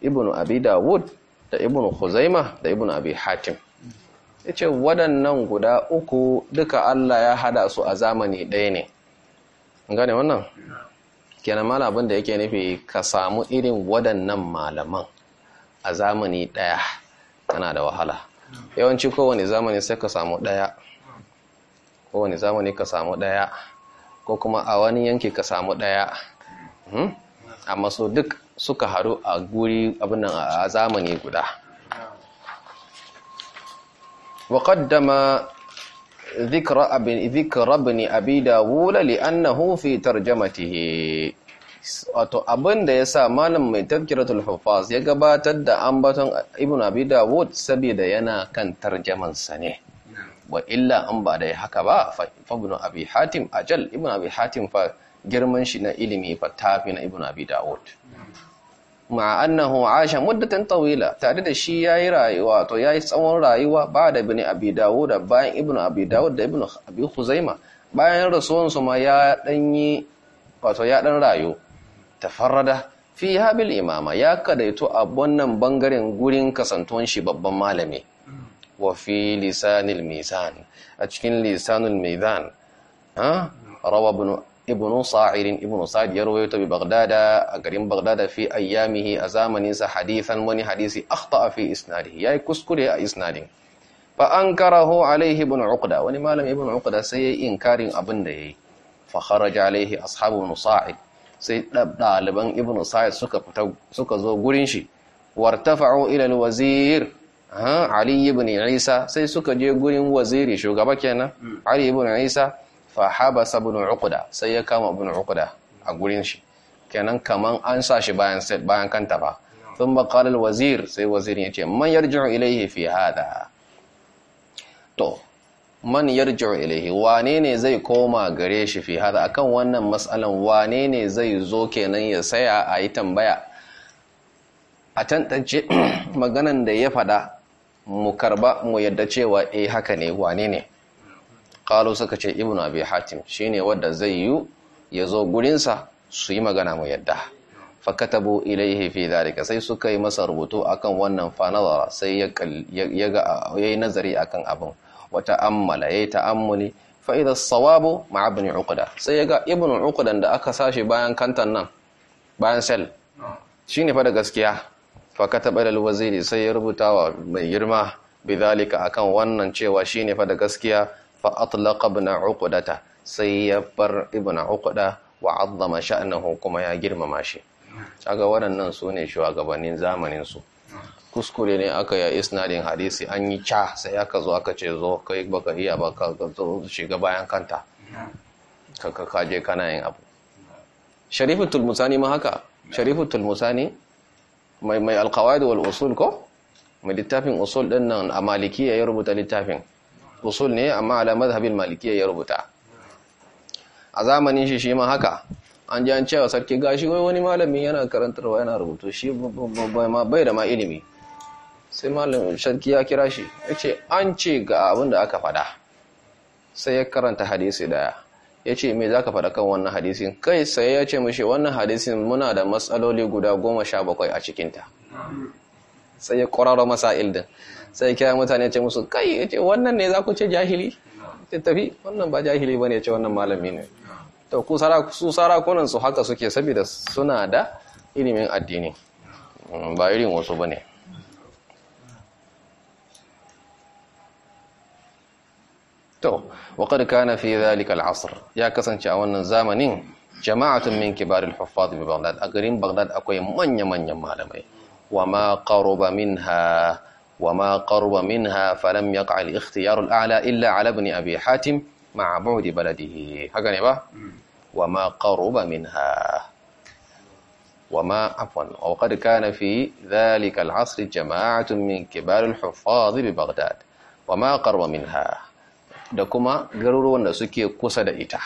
Ibn abi dawud da Ibn khuzaima da Ibn abi hatim yace waɗannan guda uku duka Allah ya hada su a zamani ɗaya ne gane wannan kenan malabin da yake nufi ka samu irin waɗannan malaman a zamani ɗaya tana da wahala yawanci kowane zamani sai ka samu ɗaya kowane zamani ka samu ɗaya ko kuma a wani yanki ka samu ɗaya hmm? amma so duk suka haru a guri abinan a zamani guda وقدم ذكر ابن ذكر ابن ابي داوود لانه في wato abin da ya sa malam mai tafkiratul hufaz ya gabatar da ambaton ibn abi dawud saboda yana kan tarjamansa ne wa illa an ba da haka ba fa ibn abi hatim ajal ibn abi hatim fa girman shi na ilimi fa tafi na ibn abi dawud ma annahu asha muddatan tawila tare da shi yayi rayuwa to yayi tsawon rayuwa ba da ibn abi dawud bayan ibn abi dawud da ibn abi khuzaima bayan rasuwan su ma ya danyi wato ya dan rayu tafarrada fi habil imama ya kadaito a wannan bangaren gurin kasantuwan shi babban malami wa fi lisanil mizan a cikin lisanul mizan ha rawa ibn sa'irin ibn sa'id ya rawaito bi bagdada a garin bagdada fi ayyamihi a zamanin sa hadithan wani hadisi akhta fi isnadihi yayi kuskure a isnadin fa ankarahu alaihi ibn uqda wani malam ibn uqda sai yayi inkarin abin da yayi fa kharaja alaihi ashabu sa'id sai ɗaliban ibn sa'id suka fita suka zo gurin shi wartafa'u ila ha, ali ibn isa sai suka je gurin waziri shugaba kenan hmm. ali ibn isa fa habasa ibn uqda sai ya kama ibn uqda a gurin shi kenan kaman an sa shi bayan sai bayan kanta ba hmm. thumma qala wazir sai wazirin yace man yarji'u ilayhi fi hada to man yarji'u ilahi wane ne zai koma gare shi fi hada akan wannan matsalan wane ne zai zo kenan ya saya a yi tambaya a tantance maganan da ya fada mu karba mu yadda cewa eh haka ne wane ne kalo suka ce ibnu abi hatim shine wanda zai yi ya zo gurinsa su yi magana mu yadda ilai ya fi dhalika sai suka yi masa rubutu akan wannan fa sai ya ya ga yayi nazari akan abin wa yayi ta'ammuli fa idha as-sawabu ma'a ibn uqda sai yaga ibn uqdan da aka sashi bayan kantan nan bayan sel shine fa da gaskiya fa kataba lil waziri sai ya rubuta wa mai girma bidhalika akan wannan cewa shine fa da gaskiya fa atlaqa ibn uqdata sai ya bar ibn uqda wa 'azzama sha'nahu kuma ya girmama shi kaga waɗannan su ne shugabannin zamanin su kuskure ne aka yi isnadin hadisi an yi ca sai aka zo aka ce zo kai baka iya ba ka zo shiga bayan kanta ka ka kaje kana yin abu sharifu tulmusani ma haka sharifu tulmusani mai mai alkawai wal usul ko mai littafin usul din nan a malikiya ya rubuta littafin usul ne amma ala mazhabin malikiya ya rubuta a zamanin shi shi ma haka an ji an cewa sarki gashi wai wani malami yana karantarwa yana rubutu shi bai da ma ilimi sai Malamin shadki ya kira shi ya ce an ce ga abin da aka faɗa sai ya karanta hadisi daya ya ce me za ka fada kan wannan hadisin kai sai ya ce mashi wannan hadisin muna da matsaloli guda goma sha bakwai a cikinta sai ya ƙwararra Masa ildin sai kira mutane ce musu kai ya ce wannan ne za ku ce jahili ta tafi wannan ba jahili ba ne ya ce wannan malami ne to ku su sarakunan su haka suke saboda suna da ilimin addini ba irin wasu ba ne to wa qad kana fi dhalika al-asr ya kasance a wannan zamanin jama'atun min kibaril huffaz bi baghdad a garin baghdad akwai manya manyan malamai wa ma qaruba minha wa ma qaruba minha falam yaqa al-ikhtiyar al-a'la illa ala ibn abi hatim ma'a bu'di baladihi haka ne ba wa ma qaruba minha وما عفوا وقد كان في ذلك العصر جماعة من كبار الحفاظ ببغداد وما قرب منها da kuma garuruwan da suke kusa da ita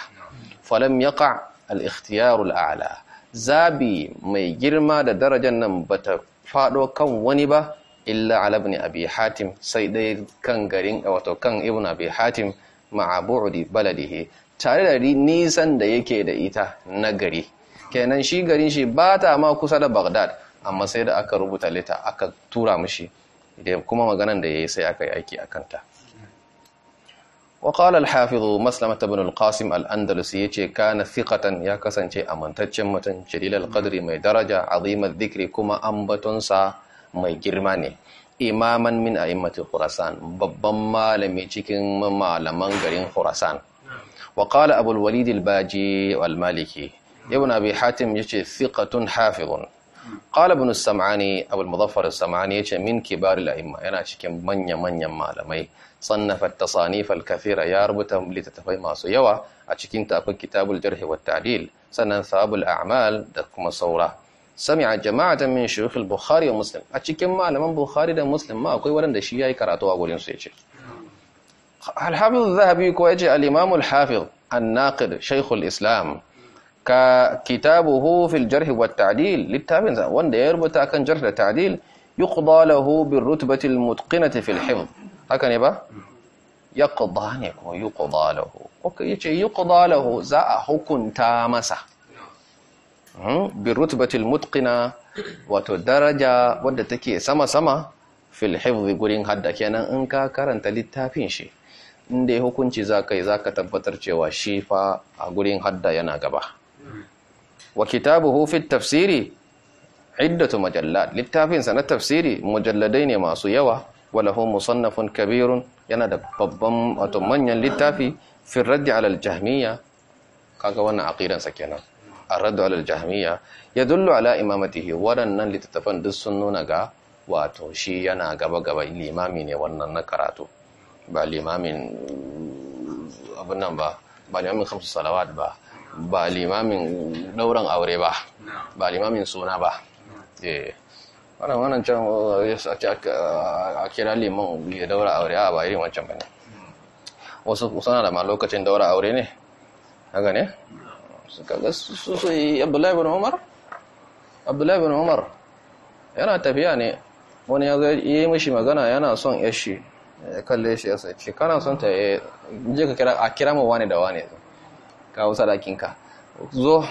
falam yaqa al-ikhtiyar al-a'la zabi mai girma da darajar nan bata fado kan wani ba illa ala ibn abi hatim sai dai kan garin wato kan ibn abi hatim ma'a bu'di baladihi tare da nisan da yake da ita na gari kenan shi garin shi ba ta ma kusa da bagdad amma sai da aka rubuta lita aka tura mishi da kuma maganan da ya yi sai aka yi aiki a kanta وقال الحافظ مسلمة بن القاسم الأندلسي كان ثقة يا كسنشي أمنتجم متن جليل القدر مي درجة عظيم الذكر كما أنبتنسا مي جرماني إماما من أئمة خراسان ببما لم يشكن معلما غرين خراسان وقال أبو الوليد الباجي والمالكي ابن أبي حاتم يشي ثقة حافظ قال ابن السمعاني أبو المظفر السمعاني يشي من كبار الأئمة أنا شكن من يمن يمالمي sannafa at kathira ya rubuta littattafai masu yawa a cikin tafin kitabul "Jarhi wa ta'dil sannan sabul a'mal da kuma saura sami'a jama'atan min shuyukh al-bukhari wa muslim a cikin malaman bukhari da muslim ma akwai wanda shi yayi karatu a gurin su yace al-hafiz zahabi ko yace al-imam al-hafiz an-naqid shaykh al-islam ka kitabuhu fil jarh wa ta'dil littafin wanda ya rubuta kan jarh da ta'dil yuqda lahu bir rutbati al-mutqinati fil hifz haka ne ba ya ƙuda ne yi ƙuda lahu ƙuka yi ce yi ƙuda lahu za a hukunta masa hmm? birut batil mutkina wato daraja wadda take sama-sama fil haifzi gurin hadda kenan in ka karanta littafin shi inda ya hukunci za ka yi za ka tabbatar cewa shi fa a gurin hadda yana gaba wa kitabu hufin tafsiri iddatu majallat littafinsa na tafsiri mujalladai ne masu yawa walahu musannafun kabirun yana da babban wato manyan littafi fi raddi alal jahmiya kaga wannan sa kenan ar-raddu alal jahmiya yadullu ala imamatihi waɗannan littattafan duk sun nuna ga wato shi yana gaba gaba limami ne wannan na karatu ba limamin abin nan ba ba limamin khamsu salawat ba ba limamin dauran aure ba ba limamin suna ba eh wannan wannan can oh, a kira uh, liman ya daura aure a ba irin wancan ba ne wasu suna da oh, ma lokacin daura aure ne haka ne eh? suka ga su su yi abdullahi bin umar abdullahi bin umar yana tafiya ne wani ya yi mishi magana yana son yashi ya oh, kalle shi ya sai ce kana son ta ya eh, je ka kira a mu wani da wani kawo sadakinka zo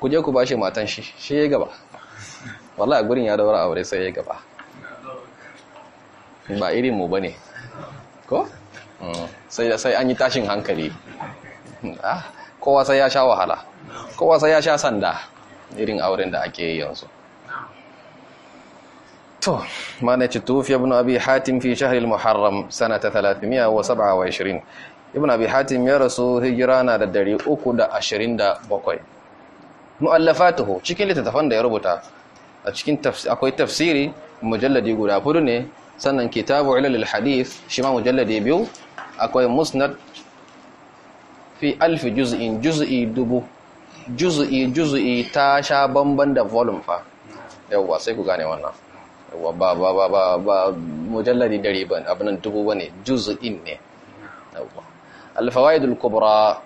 ku je ku bashi matan shi shi ya gaba wala a gurin ya daura aure sai ya gaba ba irin mu bane ko mm. sai sai an yi tashin hankali ah, kowa sai ya sha wahala kowa sai ya sha sanda irin auren da ake yi yanzu to mana ci tufiya ibn abi hatim fi shahr al-muharram sanata 327 ibn abi hatim ya rasu hijira na da 327 mu'allafatuhu cikin littattafan da ya rubuta a cikin akwai tafsiri mujalladi guda hudu ne sannan kitabu ilalil hadith shi ma mujalladi biyu akwai musnad fi alfi juz'in juz'i dubu juz'i juz'i ta sha bamban da volume fa yawwa sai ku gane wannan yawwa ba ba ba ba ba mujalladi dari ban abinan dubu bane juz'in ne yawwa alfawaidul fawaidul kubra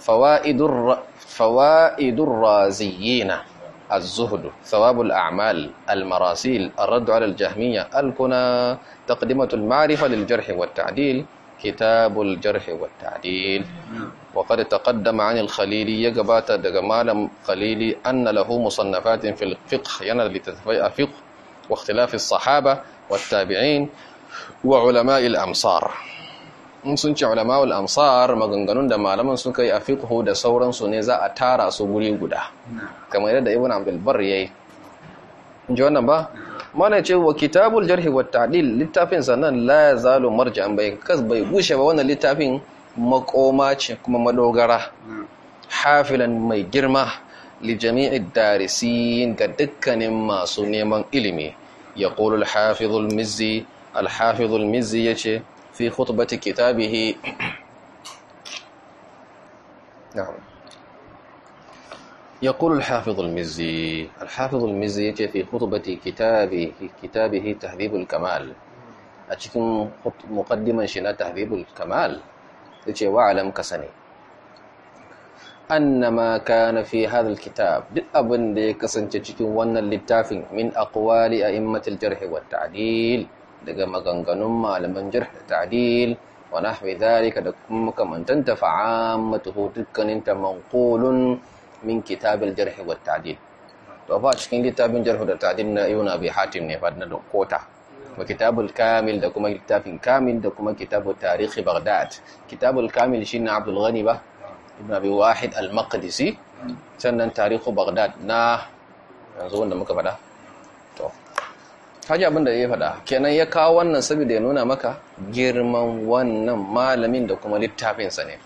fawaidur fawaidur raziyina الزهد ثواب الأعمال المراسيل الرد على الجهمية الكنى تقدمة المعرفة للجرح والتعديل كتاب الجرح والتعديل وقد تقدم عن الخليلي يقبات دقمال خليلي أن له مصنفات في الفقه ينال لتتفيأ فقه واختلاف الصحابة والتابعين وعلماء الأمصار in sun ce ulama'ul amsar maganganun da malaman suka yi a fiqhu da sauransu ne za a tara su guri guda kamar yadda ibn abdul bar yayi in ji wannan ba mana ce wa kitabul jarhi wa ta'dil littafin sanan la yazalu marja'an bai kas bai gushe ba wannan littafin makoma ce kuma madogara hafilan mai girma li jami'id darisin ga dukkanin masu neman ilimi yaqulu al-hafiz al-mizzi al-hafiz al-mizzi yace في خطبة كتابه نعم يقول الحافظ المزي الحافظ المزي يجي في خطبة كتابه كتابه تهذيب الكمال أتكم مقدما شنا تهذيب الكمال يجي وعلم كسني أن ما كان في هذا الكتاب أبن دي كسن ون من أقوال أئمة الجرح والتعديل daga maganganun malaman jarh da ta'dil wa nahwi da kuma makamantanta fa'ammatuhu dukkanin ta manqulun min kitabil jarh wa ta'dil to cikin littafin jarh da ta'adil na ibn bai hatim ne fa na kota Ba kitabul kamil da kuma littafin kamil da kuma kitabut tarihi baghdad kitabul kamil shine abdul ghani ba ibn abi wahid al-maqdisi sannan tarihu baghdad na yanzu wanda muka faɗa kaji abin da ya faɗa kenan ya kawo wannan saboda ya nuna maka girman wannan malamin da kuma littafinsa ne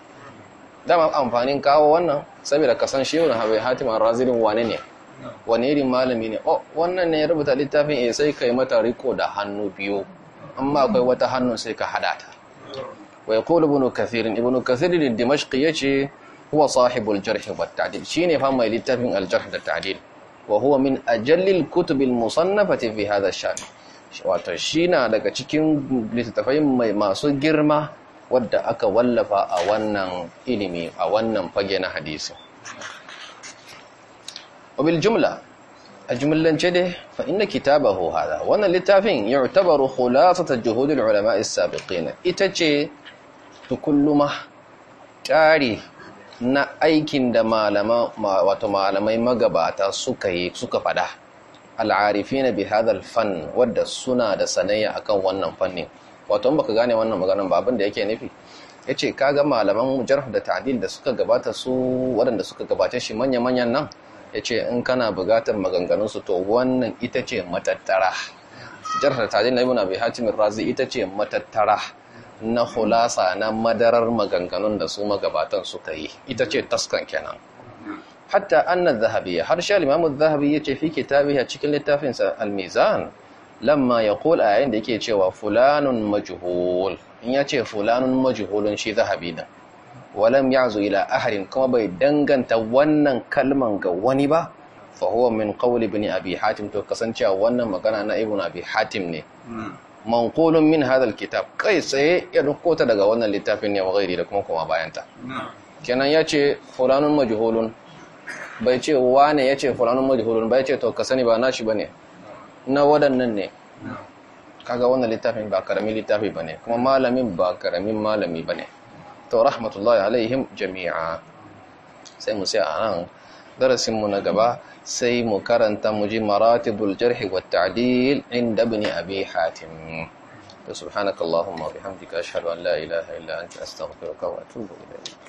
dama amfanin kawo wannan saboda ka san shehu habai hatima razirin wane ne wane irin malami ne oh wannan ne ya rubuta littafin eh sai ka kai mata riko da hannu biyu amma akwai wata hannun sai ka hada ta wa yaqulu ibn kathir ibn kathir al-dimashqi yace huwa sahibul jarh wat tadil shine fa mai littafin al-jarh da ta'dil wa huwa min ajallil kutubil musannafati fi hadha wato shi na daga cikin littattafai mai masu girma wadda aka wallafa a wannan ilimi a wannan fage na hadisi wabil jumla a jumlance dai fa kitaba kitabahu hada wannan littafin yu'tabaru khulasatu juhudil ulama isa ita ce tukulluma tari na aikin da wato malamai magabata suka yi suka fada al'arifina bi hadhal fan wadda suna da sanayya akan wannan fannin wato baka gane wannan maganar ba da yake nufi Ya yace kaga malaman jarh da ta'adil da suka gabata su waɗanda suka gabata shi manya-manyan nan Ya ce in kana bugatar maganganunsu to wannan ita ce matattara Jar da ta'adil na ibn abi hatimin razi ita ce matattara na hulasa na madarar maganganun da su magabatan suka yi ita ce taskan kenan hatta anna zahabiya har sha limamu zahabi ya ce fi kitabi cikin littafinsa almizan lamma ya kula yayin da yake cewa fulanun majuhul". in ya ce fulanun majhulun shi zahabi din walam yazu ila ahadin kuma bai danganta wannan kalman ga wani ba fa huwa min qawli ibn abi hatim to kasancewa wannan magana na ibn abi hatim ne hmm. manqulun min hadal kitab kai tsaye ya dauko ta daga wannan littafin ne wa gairi da kuma kuma bayanta kenan ya ce fulanun majihulun bai ce wane ya yace fulanun majihulun bai ce to ka sani ba nashi ne? na wadannan ne kaga wannan littafin ba karami littafi ba ne? kuma malamin ba karamin malami ne? to rahmatullahi alaihim jami'a sai mu sai a nan darasinmu na gaba sai mu karanta mu ji maratibul jarhi wa ta'dil inda ibn abi hatim subhanakallahumma wa bihamdika ashhadu an la ilaha illa anta astaghfiruka wa atubu ilayk